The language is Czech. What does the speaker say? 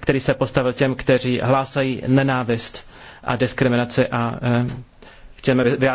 který se postavil těm, kteří hlásají nenávist a diskriminaci a eh, chtěme vyjádřit